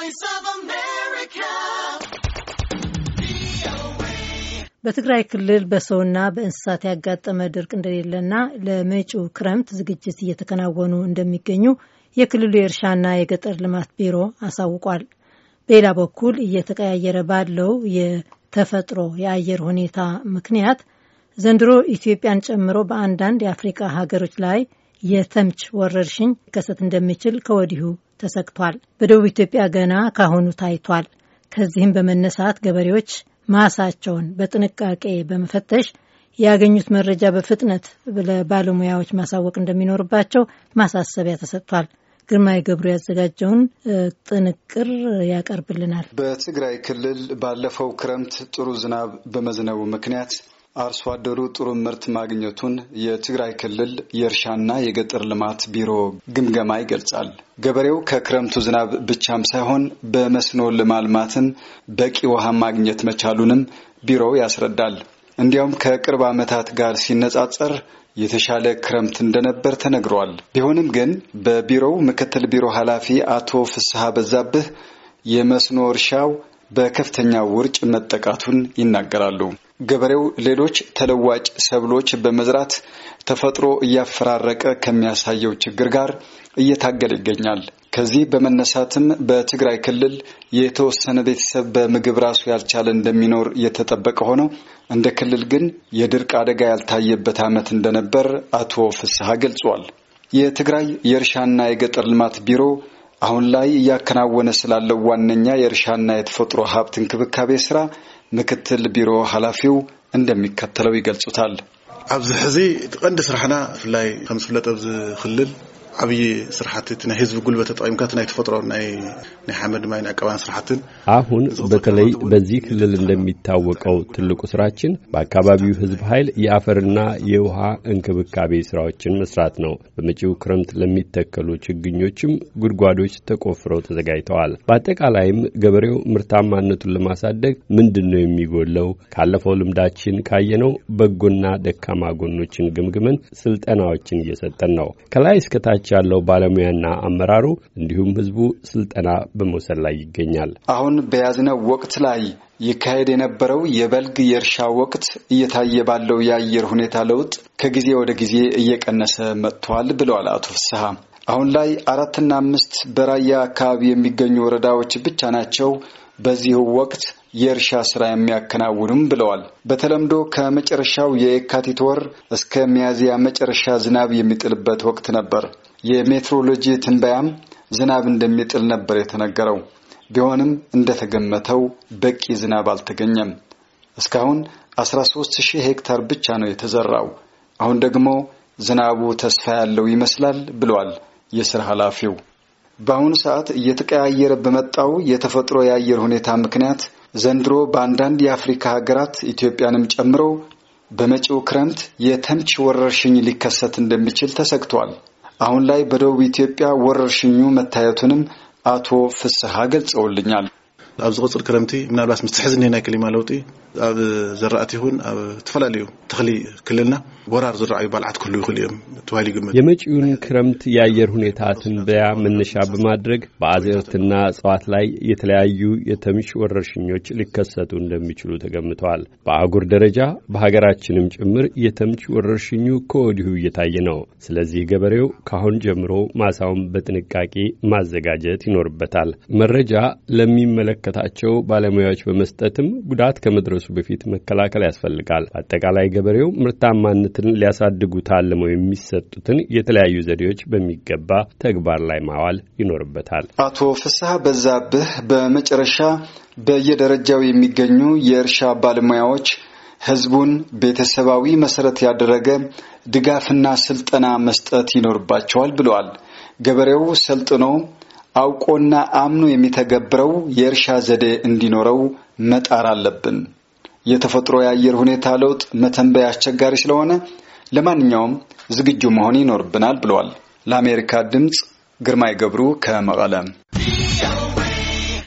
ቮይስ ኦፍ አሜሪካ በትግራይ ክልል በሰውና በእንስሳት ያጋጠመ ድርቅ እንደሌለና ለመጪው ክረምት ዝግጅት እየተከናወኑ እንደሚገኙ የክልሉ የእርሻና የገጠር ልማት ቢሮ አሳውቋል። በሌላ በኩል እየተቀያየረ ባለው የተፈጥሮ የአየር ሁኔታ ምክንያት ዘንድሮ ኢትዮጵያን ጨምሮ በአንዳንድ የአፍሪካ ሀገሮች ላይ የተምች ወረርሽኝ ሊከሰት እንደሚችል ከወዲሁ ተሰግቷል። በደቡብ ኢትዮጵያ ገና ካሁኑ ታይቷል። ከዚህም በመነሳት ገበሬዎች ማሳቸውን በጥንቃቄ በመፈተሽ ያገኙት መረጃ በፍጥነት ለባለሙያዎች ማሳወቅ እንደሚኖርባቸው ማሳሰቢያ ተሰጥቷል። ግርማይ ገብሩ ያዘጋጀውን ጥንቅር ያቀርብልናል። በትግራይ ክልል ባለፈው ክረምት ጥሩ ዝናብ በመዝነቡ ምክንያት አርሶ አደሩ ጥሩ ምርት ማግኘቱን የትግራይ ክልል የእርሻና የገጠር ልማት ቢሮ ግምገማ ይገልጻል። ገበሬው ከክረምቱ ዝናብ ብቻም ሳይሆን በመስኖ ልማልማትን በቂ ውሃ ማግኘት መቻሉንም ቢሮው ያስረዳል። እንዲያውም ከቅርብ ዓመታት ጋር ሲነጻጸር የተሻለ ክረምት እንደነበር ተነግሯል። ቢሆንም ግን በቢሮው ምክትል ቢሮ ኃላፊ አቶ ፍስሐ በዛብህ የመስኖ እርሻው በከፍተኛ ውርጭ መጠቃቱን ይናገራሉ። ገበሬው ሌሎች ተለዋጭ ሰብሎች በመዝራት ተፈጥሮ እያፈራረቀ ከሚያሳየው ችግር ጋር እየታገለ ይገኛል። ከዚህ በመነሳትም በትግራይ ክልል የተወሰነ ቤተሰብ በምግብ ራሱ ያልቻለ እንደሚኖር የተጠበቀ ሆኖ እንደ ክልል ግን የድርቅ አደጋ ያልታየበት ዓመት እንደነበር አቶ ፍስሐ ገልጿል። የትግራይ የእርሻና የገጠር ልማት ቢሮ አሁን ላይ እያከናወነ ስላለው ዋነኛ የእርሻና የተፈጥሮ ሀብት እንክብካቤ ስራ ምክትል ቢሮ ኃላፊው እንደሚከተለው ይገልጹታል። ኣብዚ ሕዚ ቀንዲ ስራሕና ብፍላይ ከም ዝፍለጥ ኣብዚ ክልል ዓብይ ስራሕቲ እቲ ናይ ህዝቢ ጉልበት ተጠቂምካ እቲ ናይ ተፈጥሮ ናይ ሓመድ ማይ ኣቀባን ስራሕትን አሁን በተለይ በዚህ ክልል እንደሚታወቀው ትልቁ ስራችን በአካባቢው ህዝብ ኃይል የአፈርና የውሃ እንክብካቤ ስራዎችን መስራት ነው። በመጪው ክረምት ለሚተከሉ ችግኞችም ጉድጓዶች ተቆፍረው ተዘጋጅተዋል። በአጠቃላይም ገበሬው ምርታማነቱን ለማሳደግ ምንድን ነው የሚጎለው? ካለፈው ልምዳችን ካየነው በጎና ደካማ ጎኖችን ግምግመን ስልጠናዎችን እየሰጠን ነው ከላይ እስከታች ያለው ባለሙያና አመራሩ እንዲሁም ህዝቡ ስልጠና በመውሰድ ላይ ይገኛል። አሁን በያዝነው ወቅት ላይ ይካሄድ የነበረው የበልግ የእርሻ ወቅት እየታየ ባለው የአየር ሁኔታ ለውጥ ከጊዜ ወደ ጊዜ እየቀነሰ መጥቷል ብለዋል አቶ ፍስሐ። አሁን ላይ አራትና አምስት በራያ አካባቢ የሚገኙ ወረዳዎች ብቻ ናቸው በዚሁ ወቅት የእርሻ ስራ የሚያከናውኑም ብለዋል። በተለምዶ ከመጨረሻው የየካቲት ወር እስከ ሚያዝያ መጨረሻ ዝናብ የሚጥልበት ወቅት ነበር። የሜትሮሎጂ ትንበያም ዝናብ እንደሚጥል ነበር የተነገረው። ቢሆንም እንደተገመተው በቂ ዝናብ አልተገኘም። እስካሁን 13 ሺህ ሄክታር ብቻ ነው የተዘራው። አሁን ደግሞ ዝናቡ ተስፋ ያለው ይመስላል ብሏል የስራ ኃላፊው። በአሁኑ ሰዓት እየተቀያየረ በመጣው የተፈጥሮ የአየር ሁኔታ ምክንያት ዘንድሮ በአንዳንድ የአፍሪካ ሀገራት ኢትዮጵያንም ጨምሮ በመጪው ክረምት የተምች ወረርሽኝ ሊከሰት እንደሚችል ተሰግቷል። አሁን ላይ በደቡብ ኢትዮጵያ ወረርሽኙ መታየቱንም አቶ ፍስሐ ገልጸውልኛል። ኣብ ዝቅፅል ክረምቲ ምናልባት ምስ ትሕዝኒ ናይ ክሊማ ለውጢ ኣብ ዘራእቲ ይኹን ኣብ ተፈላለዩ ተኽሊ ክልልና ወራር ዝረኣዩ ባልዓት ክህሉ ይኽእሉ እዮም ተባሂሉ ይግምት። የመጪውን ክረምቲ የአየር ሁኔታ ትንበያ መነሻ ብማድረግ በአዝዕርትና እጽዋት ላይ የተለያዩ የተምች ወረርሽኞች ሊከሰቱ እንደሚችሉ ተገምተዋል። በአጉር ደረጃ በሀገራችንም ጭምር የተምች ወረርሽኙ ከወዲሁ እየታየ ነው። ስለዚህ ገበሬው ካሁን ጀምሮ ማሳውን በጥንቃቄ ማዘጋጀት ይኖርበታል። መረጃ ለሚመለከ ለሚመለከታቸው ባለሙያዎች በመስጠትም ጉዳት ከመድረሱ በፊት መከላከል ያስፈልጋል። በአጠቃላይ ገበሬው ምርታማነትን ሊያሳድጉ ታልመው የሚሰጡትን የተለያዩ ዘዴዎች በሚገባ ተግባር ላይ ማዋል ይኖርበታል። አቶ ፍስሐ በዛብህ በመጨረሻ በየደረጃው የሚገኙ የእርሻ ባለሙያዎች ህዝቡን ቤተሰባዊ መሰረት ያደረገ ድጋፍና ስልጠና መስጠት ይኖርባቸዋል ብለዋል። ገበሬው ሰልጥኖ አውቆና አምኖ የሚተገብረው የእርሻ ዘዴ እንዲኖረው መጣር አለብን። የተፈጥሮ የአየር ሁኔታ ለውጥ መተንበይ አስቸጋሪ ስለሆነ ለማንኛውም ዝግጁ መሆን ይኖርብናል ብለዋል። ለአሜሪካ ድምፅ ግርማይ ገብሩ ከመቀለም